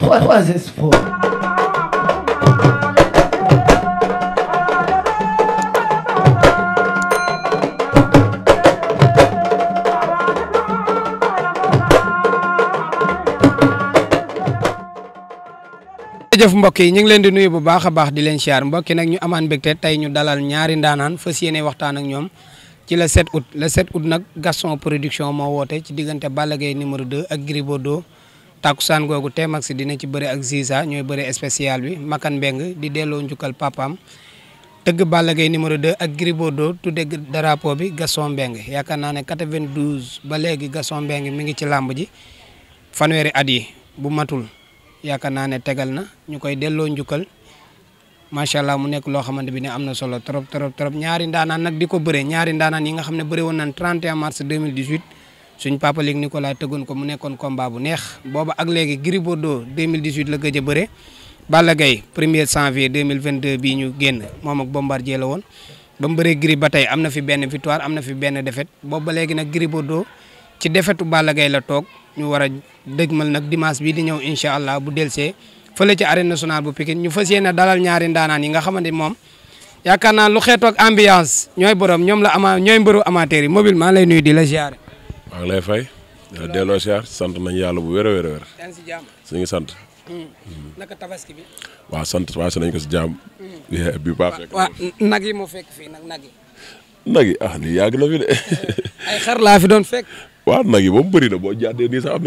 trois espoirs. jërëjëf mbokk yi ñu ngi leen di nuyu bu baaxa baax di leen siyaar mbokki yi nag ñu amaan mbégte tey ñu dalal ñaari ndaanaan fas yéene waxtaan ak ñoom ci la 7 août la 7 août nag Gaston production moo woote ci diggante Balla Gaye numéro 2 ak Gris Bordeaux tàkkusaan googu Tmax dina ci bëre ak Ziza ñooy bëre spécial bi Makan Mbeng di delloo njukkal papaam tëgg Balla Gaye numéro 2 ak Gris Bordeaux tudde darapo bi Gaston Mbeng yaakaar naa ne 92 ba léegi Gaston Mbeng mi ngi ci làmb ji fanweeri at yi bu matul yaakaar naa ne tegal na ñu koy delloo njukkal macha allah mu nekk loo xamante bi ne am na solo trop trop trop ñaari ndaanaan nag di ko bëre ñaari ndaanaan yi nga xam ne bëre woon nañ 31 suñ papa Luc Nicolaï tëggoon ko mu nekkoon combat bu neex booba ak léegi Gris Bordeaux 2018 la gëj a bëre Balla Gaye 1er janvier 2022 bii ñu génn moom ak Bombardier la woon ba mu bëree Gris ba tey am na fi benn victoire am na fi benn defet boobu ba léegi nag Gris Bordeaux ci défaitu Balla gay la toog ñu war a mal nag dimanche bi di ñëw incha allah bu delsee fële ci arène nationale bu Pikine ñu fas yéene dalal ñaari ndaanaan yi nga xamante moom yaakaar naa lu xeetoog ambiance ñooy borom ñoom la ama ñooy amateur yi mobile lay nuyu di la ziare. maa ngi lay fay. delloo siyaar sant nañ yàlla bu wér a wér a sant. Hmm. Hmm. naka tabaski waaw sant waaye nañ ko si jàmm. Hmm. bi baax rek. nag yi moo fekk fii nag yi. ah lii yàgg na fi de. ay xar laa fi doon fekk. waaw nag yi moom bëri na boo jàddee nii sax am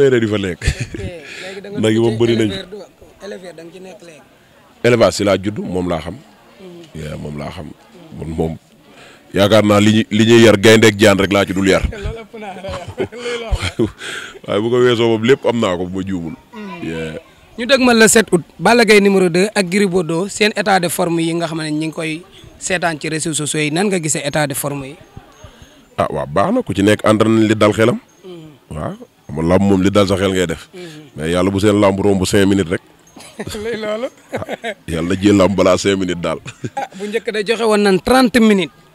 na yi moom bëri nañu éleveur da si laa judd moom laa xam. moom laa xam. moom moom yaakaar naa li ñu li ñuy yar gayndeeg jaan rek laa ci dul yar waaye bu ko weesoo moom lépp am naa ko bu ma juumul. Hmm. ñu dëgmal la set août Balla Gaye numéro 2 ak Gris Bordeaux seen état de forme yi nga xam ne ñi ngi koy seetaan ci réseaux sociaux yi nan nga gisee état de forme yi. ah waa baax na ku ci nekk entraîné li dal xelam. Hmm. waaw xam lamb moom li dal sa xel ngay def. Hmm. mais yàlla bu seen lamb romb 5 minutes rek. loolu. Ah, yàlla na jël lamb balaa 5 minutes daal. Ah, bu njëkk da joxe woon nan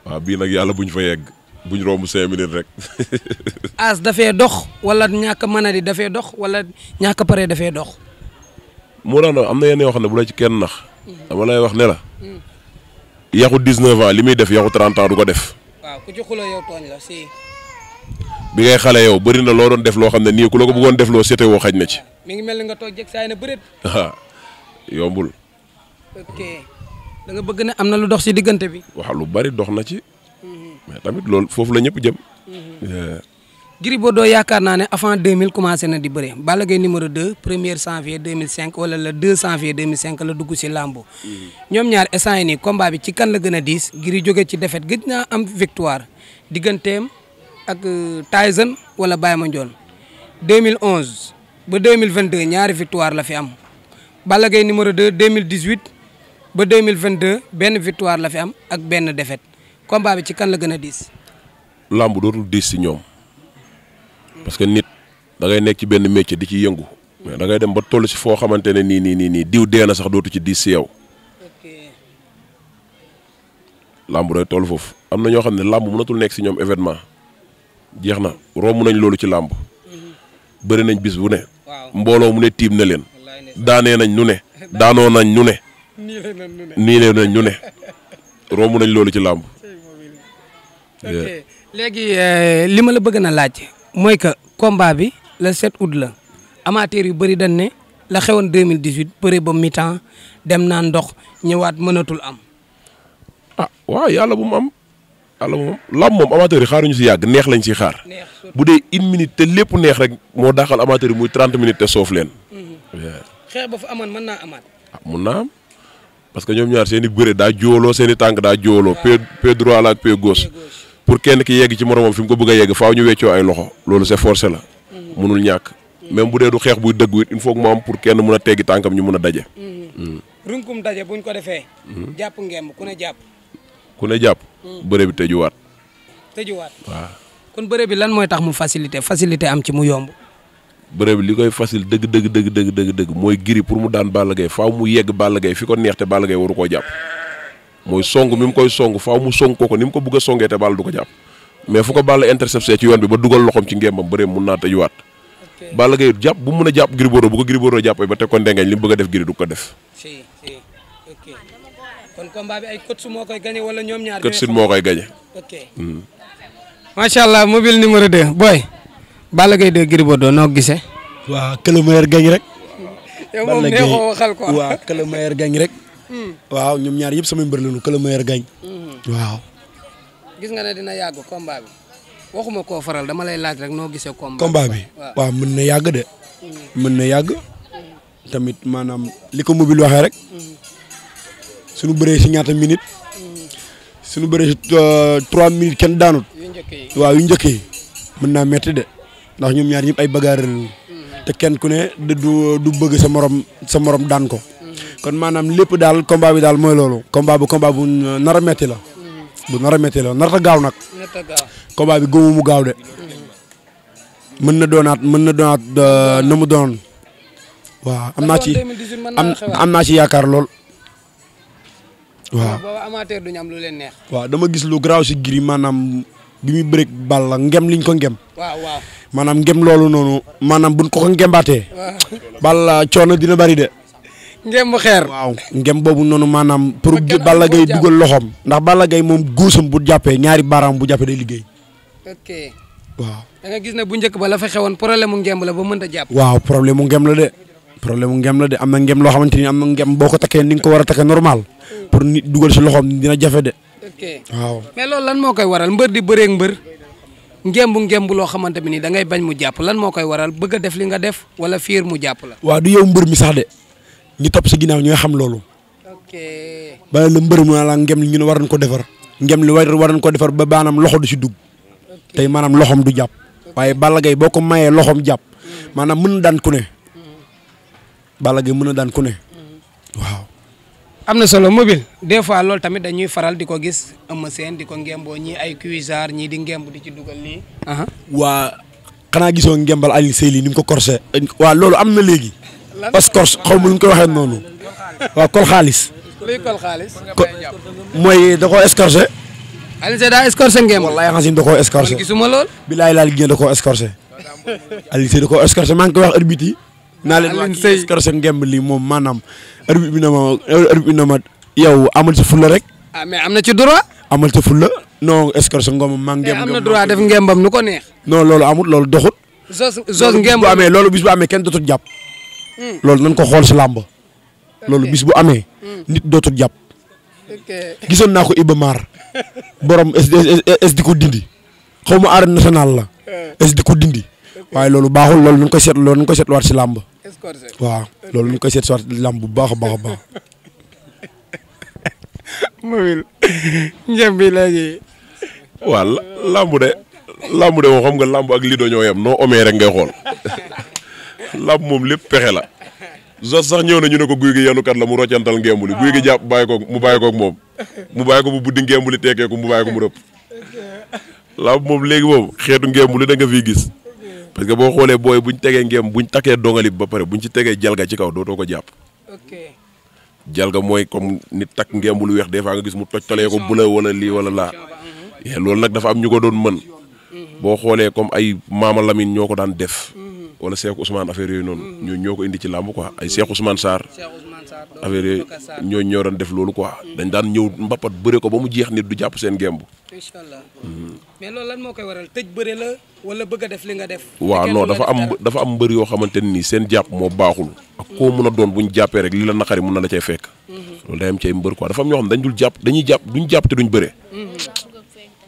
waaw bii nag yàlla buñ fa yegg buñ bu cinq minutes rek. as dafee dox wala ñàkk a mën dafee dox wala ñàkk a pare dafee dox. moo tax nag am na yenn yoo xam ne bu la ci kenn nax. dama lay wax ne la. yaxu 19 ans li muy def yaxu 30 ans du ko def. waaw ku ci xuloo yow tooñ bi ngay xale yow bëri na loo doon def loo xam ne nii ku la ko bëggoon def loo seete woo xaj na ci. mi ngi mel ni nga toog jeg saay na bëreet. yombul. da bëgg na am na lu dox ci diggante bi. wax lu bari dox na ci. mais tamit loolu foofu la ñëpp jëm. Euh, Gris Bordeaux yaakaar naa ne avant 2000 commencé na di bëre Balla Gaye numéro 2 premier janvier 2005 wala le 2 janvier 2005 la dugg ci làmbo. Mm-hmm. ñoom ñaar essan yi nii combat bi ci kan la gën a diis Gris jóge ci défaite gëj a am victoire digganteem ak euh, Tyson wala Baye Mandione 2011 ba 2022 ñaari victoire la fi am Balla Gaye numéro 2 2018. ba 2022 benn victoire la fi am ak benn défaite combat bi ci kan la gën a diis. làmb dootul diis ci ñoom parce que nit dangay nekk ci benn métier di ci yëngu mais dangay dem ba toll si foo xamante ne nii nii nii nii diw dee na sax dootu ci diis si yow. làmb day toll foofu am na ñoo xam ne làmb mënatul nekk ci ñoom événement jeex na romb nañ loolu ci làmb mhm. bëri nañ bis bu ne. mbooloo mu ne tiim na leen. daanee nañ nu ne. daanoo nañ nu ne. nii leen nañ ñu ne romb nañ loolu ci làmb ok léegi eh, li ma la bëgg na laaj mooy que combat bi le 7 août la amateur yu bëri dañ ne la xewoon 2018 bëri ba mi-temps dem naa ndox ñëwaat mënatul am. ah waaw yàlla bu mu am yàlla bu mu am làmb moom amateur yi xaaruñu si yàgg neex lañ siy xaar. bu dee une minute te lépp neex rek moo daaxal amateur yi muy 30 minutes te soof leen. Mm-hmm. xeex ba fa amoon mën naa amaat. ah mun naa am. parce que ñoom ñaar seen i bëre daa jóoloo seen tànk daa jóoloo pied pied droit la ak pied gauche pour kenn ki yegg ci moromam fi mu ko bëgg a yegg faaw ñu weccoo ay loxo loolu c'est forcé la mënul mm. ñàkk mm. même bu dee du xeex buy dëggu it il faut que mu am pour kenn mën a teggi tànkam ñu mun a daje mm. runkum daje buñ ko defee jàpp ngemb ku ne jàpp ku ne jàpp bëre bi tëjuwaat tëjuwaat waaw kon bëre bi lan mooy tax mu facilité facilité am ci mu yomb bëre li koy facile dëgg dëgg dëgg dëgg dëgg dëgg mooy Gris pour mu daan Balla Gaye faaw mu yegg Balla Gaye fi ko neex te Balla Gaye waru koo jàpp mooy song mi mu koy song faaw mu song ko ni mu ko bëgg a songee te Balla du ko jàpp mais fu ko Balla intercepté ci yoon bi ba dugal loxoom jàpp bu jàpp Gris Bordeaux bu ko Gris Bordeaux jàppee ba teg a ko def kon combat bi ay coach koy gagné wala ñoom ñaar coach moo koy gagné ok hmm. macha allah mobile numéro 2 boy Balla Gaye de Gris Bordeaux noo gisee. waaw que le meilleur gagne rek. yow hmm. waaw ñoom ñaar yëpp samay mbër lañu que le meilleur hmm. waaw. gis nga ne dina yàgg combat waxuma ko faral dama lay laaj rek noo gisee. combat bi waaw mën na yàgg de. Hmm. mën na yàgg. tamit maanaam li ko mobile waxee rek. suñu bëree si ñaata minutes. suñu bëree si euh, trois minutes kenn daanut. njëkk yi waaw yu njëkk yi mën naa metti de. ndax ñoom ñaar ñëpp ay bagarreur te kenn ku ne du du bëgg sa morom sa moroom daan ko. kon maanaam lépp daal combat bi daal mooy loolu. combat bu combat bu nar a metti la. bu nar a metti la narta gaaw nag. narta gaaw combat mu gaaw de. mën na doonaat mën na doonaat euh, na mu doon. waaw am naa ci naa ci yaakaar lool. waaw amateur duñu dama gis lu garaaw si giri maanaam. bi muy bëreeg Balla ngem liñ ko ngem. waaw waaw maanaam ngem loolu noonu maanaam buñ ko ko ngembaatee. Balla coono dina bari de. ngem bu xeer waaw ngem boobu noonu maanaam pour Balla gay dugal loxoom. ndax Balla gay moom góosam bu jàppee ñaari baaraam bu jàppee day liggéey. ok waaw. da nga gis ba la fa xewoon problème mu ngem la ba mënta jàpp. waaw problème mu ngem la de. problème mu ngem la de am na ngem loo xamante ni am na ngem boo ko takkee ni nga ko war a takkee normal mm. pour dugal si loxoom dina jafe de. ok waaw mais loolu lan moo koy waral mbër di bëreeg mbër ngembu ngembu loo xamante bi nii da ngay bañ mu jàpp lan moo koy waral bëgg a def li nga def wala fiir mu jàpp la. waa du yow mbër mi sax de ñu topp si ginnaaw ñooy xam loolu. ok ba la mbër mu la ngem li ñu ne war ko defar ngem li war nañ ko defar ba baanaam loxo du si dugg tey maanaam loxoom du jàpp waaye Balla Gaye boo ko mayee loxoom jàpp mm. maanaam mën na daan ku ne mm. Balla Gaye mën na daan ku ne mm. waaw. am na solo mobile des fois loolu tamit dañuy faral di ko gis Eumeu Sène di ko ngemboo ñii ay cuisard ñii di ngemb di ci dugal lii. waa xanaa gisoo ngembal Aliou Seye lii ni mu ko corsé. waa loolu am na léegi. parce que xaw ma nu ñu koy waxee noonu. waa kol xaalis. mooy da koo escorché. Aliou Seye daa escorché ngemb. wallaay lool. bilaay laal gi da koo escorché. Aliou Seye da maa ngi ko wax arbitre yi naa leen waa kii koro seen ngemb lii moom maanaam arbitre bi na ma arbitre ma yow amal ci fulla rek. ah am na ci droit. amal ci fulla non escorte ngomam maa ngemb. am na def ngembam nu ko neex. non loolu amul loolu doxut. zos zos ngemb bu amee loolu bis bu amee kenn dootul jàpp. Hmm. loolu nañ ko xool si làmb. loolu bis bu amee. Hmm. dootul jàpp. gisoon naa ko Iba Mar di ko dindi xaw ma arène national la. es hmm. di ko dindi. waaye loolu baaxul loolu nañ ko seet loolu nañ ko seetluwaat si làmb waaw loolu nañ ko seet si waat bu baax a baax a baax momil njëm de làmb de moom xam nga làmb ak lido ñoo yem noo omee rek xool làmb moom lépp pexe la Zos sax ñëw na ñu ne ko guy gi yenukat la mu roccantal ngeembuli guy gi jàpp bàyyi ko mu bàyyi ko ak moom mu bàyyi ko mu buddi ngeembuli teekee ko mu bàyyi ko mu rëpp làmb moom léegi moom xeetu ngeembuli da nga fiy gis parce que boo xoolee booy buñ tegee ngeem buñ takkee dongali ba pare buñ ci tegee jalga ci kaw dootoo ko jàpp. ok jalga mooy comme nit takk ngeem bu lu weex des fois nga gis mu toj tolee ko bula wala lii wala laa. Mhm. loolu nag dafa am ñu ko doon mën. boo xoolee comme ay Maama Lamine ñoo ko daan def. wala Cheikh Ousmane affaire yooyu noonu. Mm-hmm. ñooñu ñoo ko indi ci làmb quoi ay Cheikh Ousmane Sarr. affaire yooyu ñooñu ñoo doon def loolu quoi. Mm-hmm. dañ daan ñëw mbappat bëre ko ba mu jeex nit du jàpp seen gemb. incha mm-hmm. moo koy waral tëj bëre la wala bëgg a def li nga def. waaw non dafa am dafa am mbër yoo xamante nii seen jàpp moo baaxul. ak koo mun a doon bu ñu jàppee rek li la naqari mun na la cay fekk. loolu day am ci ay mbër quoi dafa am ñoo xam dañ dul jàpp dañuy jàpp duñ jàpp te duñ bëre.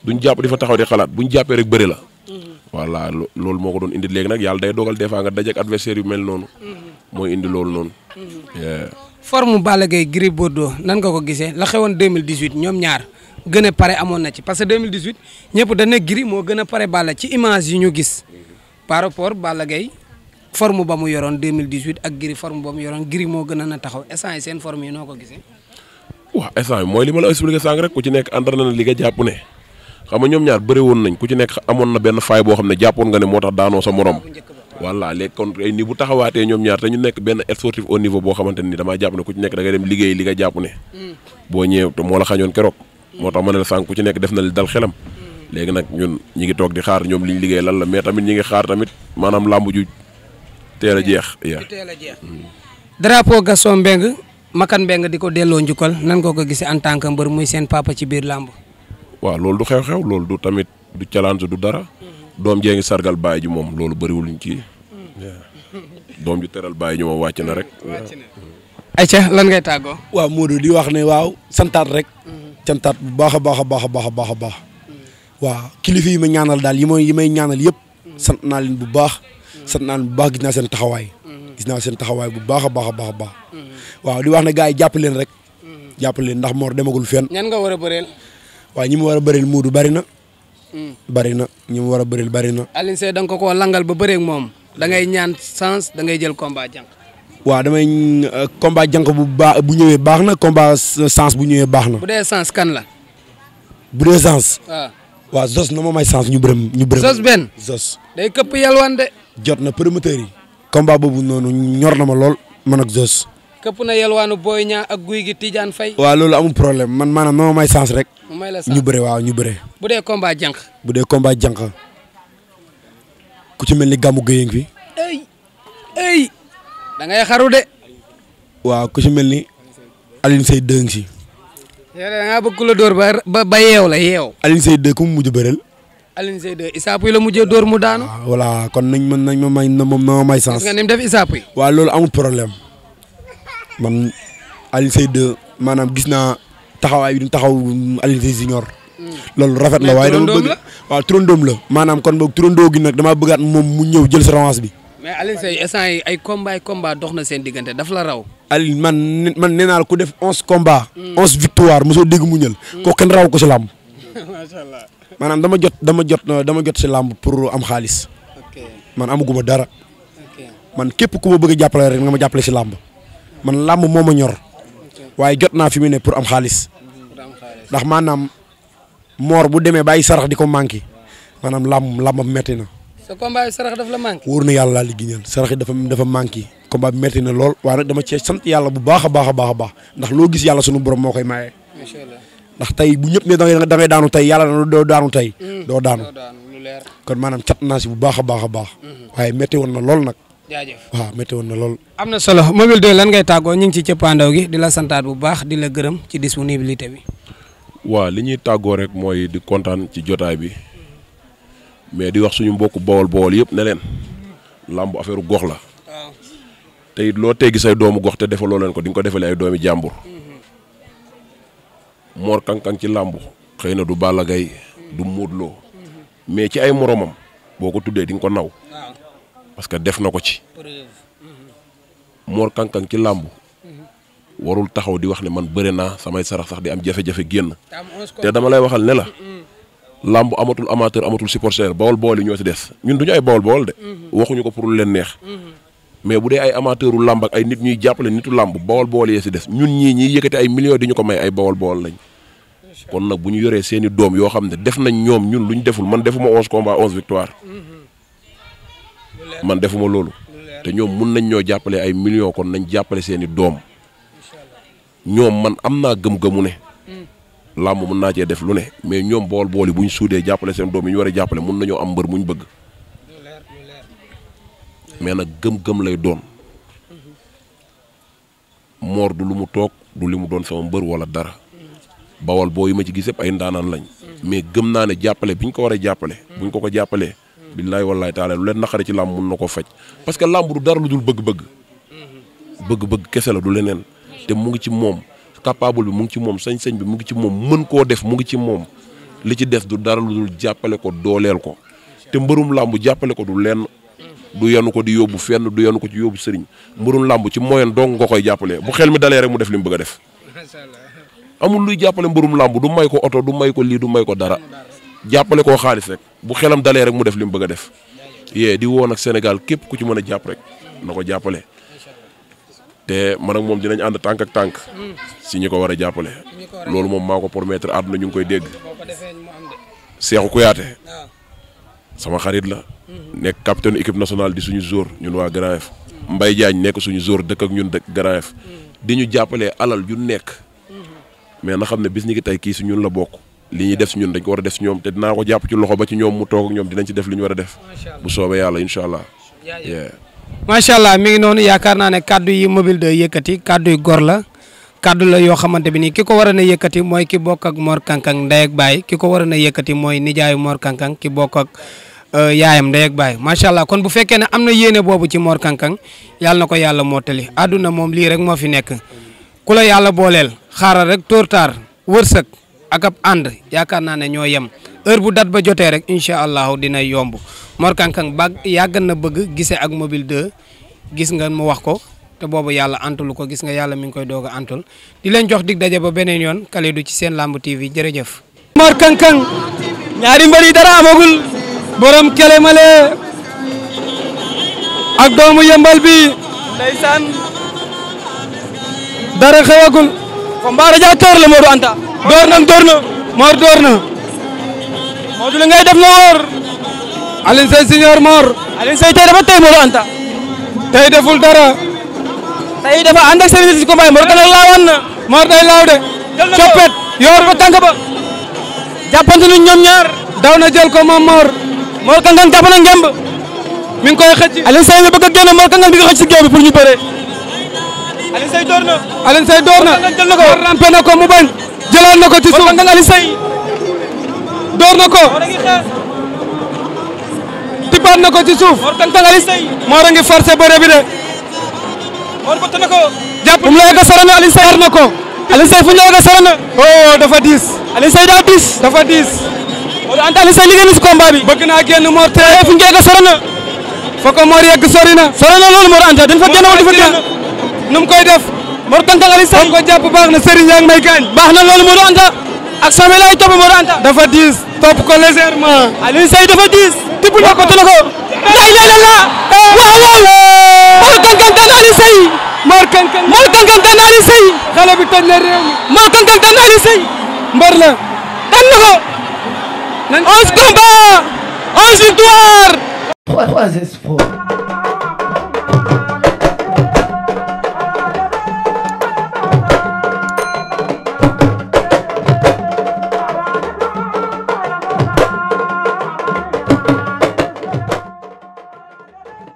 duñ jàpp di fa taxaw di xalaat buñ jàppee rek bëri la. Mm-hmm. voilà loolu moo ko doon indi léegi nag yàlla day dogal des fois nga dajeek adversaire yu mel noonu. Mm-hmm. mooy indi loolu noonu. Mm-hmm. forme Balla Gaye Gris Bordeaux nan nga ko gisee la xewoon 2018 ñoom ñaar gën a pare amoon na ci parce que 2018 ñëpp dañ ne Gris moo gën a pare Balla ci image yi ñu gis par rapport Balla Gaye forme ba mu yoroon 2018 ak Gris forme moo gën a na taxaw instant yi seen forme yi noo ko gisee. waaw instant mooy li ma la ci nekk àndal na xam nga ñoom ñaar bëri woon nañ ku ci nekk amoon na benn faay boo xam ne jàppoon nga ne moo tax daanoo sa morom voilà léegi kon ni bu taxawaatee ñoom ñaar te ñu nekk benn sportif au niveau boo xamante ni damaa jàpp ne ku ci nekk da ngay dem liggéey li nga jàpp ne boo ñëwee te moo la xañoon keroog moo tax ma ne la sànq ku ci nekk def na dal xelam léegi nag ñun ñi ngi toog di xaar ñoom liñ liggéey lan la mais tamit ñi ngi xaar tamit maanaam làmb ju teel a jeex drapeau Gaston Mbengue Makan Mbengue di ko delloo njukkal nan ko gisee en tant que mbër muy seen papa ci biir làmb waaw loolu du xew-xew loolu du tamit du challenge du dara. doom jee ngi sargal baay ji moom loolu bëriwul ñu ci. doom ji teral baay ji moom wàcc na rek. wàcc lan ngay tàggoo. waaw Modou di wax ne waaw santaat rek. Mm-hmm. santaat bu baax a baax a a baax a baax. Mm-hmm. waaw kilifa yi ma ñaanal daal yi may yi may ñaanal yëpp. Mm-hmm. sant naa leen bu baax. sant naa leen bu baax gis naa seen taxawaay. gis naa seen taxawaay bu baax a baax a baax baax. waaw di wax ne gars yi jàpp leen rek. jàpp leen ndax moo demagul fenn. ñan nga war a bëreel. waaye ñi mu war a bëril muudu bari na. Hmm. bari na ñi war a bëril bari na. Alioune Seye da ko koo langal ba bëree moom da ngay ñaan sens da ngay jël combat jànq. waaw damay euh, combat jànq bu baax bu ñëwee baax na combat sens bu ñëwee baax na. bu dee sens kan la. bu dee sens. waaw ah. waaw Zos na ma may sens ñu bërëm ñu bërëm. Zos benn Zos. day këpp yalwaan de. jot na promoteurs yi. combat boobu noonu ñor na ma lool man ak Zos. këpp na yelwaanu Boy Niang ak Guy gi Tidiane Faye waa loolu amu problème man maanaam noo may sens rek. may ñu bëre waaw ñu bëre. bu dee combat jànq. bu dee combat jànq ku ci mel ni gàmmu Guèye fi. ay ay xaru de. waaw ku ci mel ni Alioune Seye dëng si. yow da ngaa bëgg ku la dóor ba ba yeew la yeew. Alioune Seye dëng ku mu mujj bëreel. Alioune Seye dëng Issa Pouye la mujjee dóor mu daanu. Ah, voilà kon nañ ma nañ may na na may sens. nga ni mu def Issa Pouye. loolu amul problème. man Alioune Seye 2 maanaam gis naa taxawaay bi ñu taxaw Alioune Seye junior mm. loolu rafet la waaye dama bëgg waaw turandoom la maanaam kon boog turandoo gi nag damaa bëggaat moom mu ñëw jël sa revanche bi mais Alioune Seye instant yi ay combat ay combat dox na seen diggante daf la raw Alioune man man nee naa ku def onze combat mm. onze victoire mosoo dégg mu ñël mm. ko kenn raw ko si làmb macha maanaam dama jot dama jot dama jot si làmb pour am xaalis man amaguma dara man képp ku ma bëgg jàppale rek nga ma jàppale si làmb man làmb moo ma ñor waaye jot naa fi mu ne pour am xaalis ndax maanaam moor bu demee bàyyi sarax di ko manqué maanaam làmb lam metti na. sa combat sarax daf la manqué. wóor na yàlla laa liggéeyal sarax dafa dafa manqué combat bi metti na lool waaye nag dama cee sant yàlla bu baax a baax a baax baax ndax loo gis yàlla sunu borom moo koy maye. macha ndax tey bu ñëpp ne dangay dangay daanu tey yàlla doo daanu tey. Mm. doo daanu kon maanaam cat naa si bu baax a baax a baax. Mm-hmm. waaye metti woon na lool nag. jaajëf waaw woon na lool. am na solo mobile 2 lan ngay tàggoo ñu ngi ci cëppaandaw gi di la santaat bu baax di la gërëm ci disponibilité bi. waaw li ñuy tàggoo rek mooy di kontaan ci jotaay bi mais di wax suñu mbokk bawol bawol yëpp ne leen làmb affaire gox la te it loo teggi say doomu gox te defaloo leen ko di nga ko defalee ay doomi jàmbur mhm. Mor Kankang ci làmb xëy na du Balla Gaye du muut loo mhm. mais ci ay moroomam boo ko tuddee di nga ko naw parce que def na ko ci. moor mhm. Kang ci làmb mhm. warul taxaw di wax ne man bëre naa samay sarax sax di am jafe-jafe génn. te dama lay waxal ne la. Mhm. làmb amatul amateur amatul supporter bawol bawol yi ñoo si des ñun duñu ay bawol bawol de. waxuñu ko pour lu leen neex. mais bu dee ay amateuru làmb ak ay nit ñuy jàppale nitu làmb bawol bawol yee si des ñun ñii ñiy yëkkati ay millions di ñu ko may ay bawol bawol lañ. kon nag bu ñu yoree seeni doom yoo xam ne def nañ ñoom ñun lu ñu deful man defuma onze combats onze victoire. man defuma loolu te ñoom mun nañ ñoo jàppale ay millions kon nañ jàppale seeni doom ñoom man am naa gëm-gëmu ne hmm. làmb mun naa cee def lu ne mais ñoom bool bool yi bu ñu suudee jàppale seen doom yi ñu war a jàppale mun nañoo am mbër mu ñu bëgg mais nag gëm-gëm lay doon hmm. moor du lu mu toog du li mu doon sama mbër wala dara hmm. bawal boo yi ma ci gis yëpp ay ndaanaan lañ mais gëm naa ne jàppale bi ñu ko war a jàppale bu ñu ko ko jàppalee billaay wallaay taala lu leen naqari ci làmb mun na koo faj parce que làmb du dara lu dul bëgg-bëgg bëgg-bëgg kese la du leneen te mu ngi ci moom capable bi mu ngi ci moom sañ-sañ bi mu ngi ci moom mën koo def mu ngi ci moom li ci def du dara lu dul jàppale ko dooleel ko te mbërum làmb jàppale ko du lenn du yenu ko di yóbbu fenn du yanu ko ci yóbbu sëriñ mbërum làmb ci moyen dong nga koy jàppalee bu xel mi dalee rek mu def li mu bëgg a def amul luy jàppale mbërum làmb du may ko oto du may ko lii du may ko dara jàppale koo xaalis rek bu xelam dalee rek mu def li mu bëgg a def yee di woon ak Sénégal képp ku ci mën a jàpp rek na ko jàppale te man ak moom dinañ ànd tànk ak tànk si ñu ko war a jàppale loolu moom maa ko promettre àdduna ñu ngi koy dégg Cheikhou Kouyaté sama xarit la nekk capitaine équipe nationale di suñu jour ñun waa Grand F Mbaye Diagne nekk suñu jour dëkk ak ñun dëkk Grand F di ñu jàppalee alal ju nekk mais na xam ne bis ñi ngi tey kii si ñun la bokk li ñuy def si ñun dañ ko war a def si ñoom te dinaa ko jàpp ci loxo ba ci ñoom mu toog ñoom dinañ ci def li ñu war a def bu soobee yàlla incha allah. macha allah mi ngi noonu yaakaar naa ne kaddu yi mobile de yëkkati kaddu yu gor la kaddu la yoo xamante bi nii ki ko war a na yëkkati mooy ki bokk ak Mor Kang ki ko war a na yëkkati mooy nijaayu moor Kang Kang ki bokk euh, yaayam ndey baay macha allah kon bu fekkee ne am na yéene boobu ci moor Kang Kang yàlla na ko yàlla mottali àdduna moom lii rek moo fi nekk ku la yàlla booleel xaaral rek tóortaar wërsëg ak ab ànd yaakaar naa ne ñoo yem heure bu dat ba jotee rek incha allah dina yomb Mor Kang Kang ba yàgg na bëgg gisee ak mobile 2 gis nga mu wax ko te boobu yàlla antalu ko gis nga yàlla mi ngi koy doog a antal di leen jox dig daje ba beneen yoon du ci seen lamb TV jërëjëf. Mor Kang Kang ñaari mbër yi dara amagul borom kelemale ak doomu yëmbal bi ndeysaan dara xewagul combat radiateur la Modou Anta door na door na Mor door na. Modou Lo ngay def na wóor. Alioune Seye senior Mor. Alioune Seye tey dafa tey Modou Anta. tey deful dara. tey dafa ànd ak service si combat yi Mor dana laawoon na. Mor day laaw de. coppet yor ba tànk ba. jàppante nañ ñoom ñaar. daw na jël ko moom Mor. Mor Kangan jàpp na ngemb. mi ngi koy xëcc. Alioune Seye nga bëgg a génn Mor Kangan si géew bi pour ñu bëree. Alioune Seye door na. Alioune na ko mu bañ. jëlaat na ko ci suuf nga Ali door na ko tippaat na ko ci suuf Mor a ngi forcé bëre bi de jàpp mu lay ko sarana Ali Seye na ko Ali Seye fu ñu lay ko sarana oh, oh dafa diis Ali Seye daa diis dafa diis anta Ali Seye li ngeen si combat bi bëgg naa génn Mor te fu ñu lay ko sarana foko Mor yegg sori na sarana loolu Mor anta dañ fa génn wala dafa génn nu mu koy def Mor Tantal Aliou Seye. ko jàpp baax na Serigne na loolu Modou Anta ak soobee laay topp Modou Anta. dafa diis topp ko légèrement. Aliou Seye dafa diis. tibb na ko tënk ko. la ilaha eh. illa waaw waaw. Mor Tantal Aliou Seye. la. tànn na ko. nañ 11 combats 11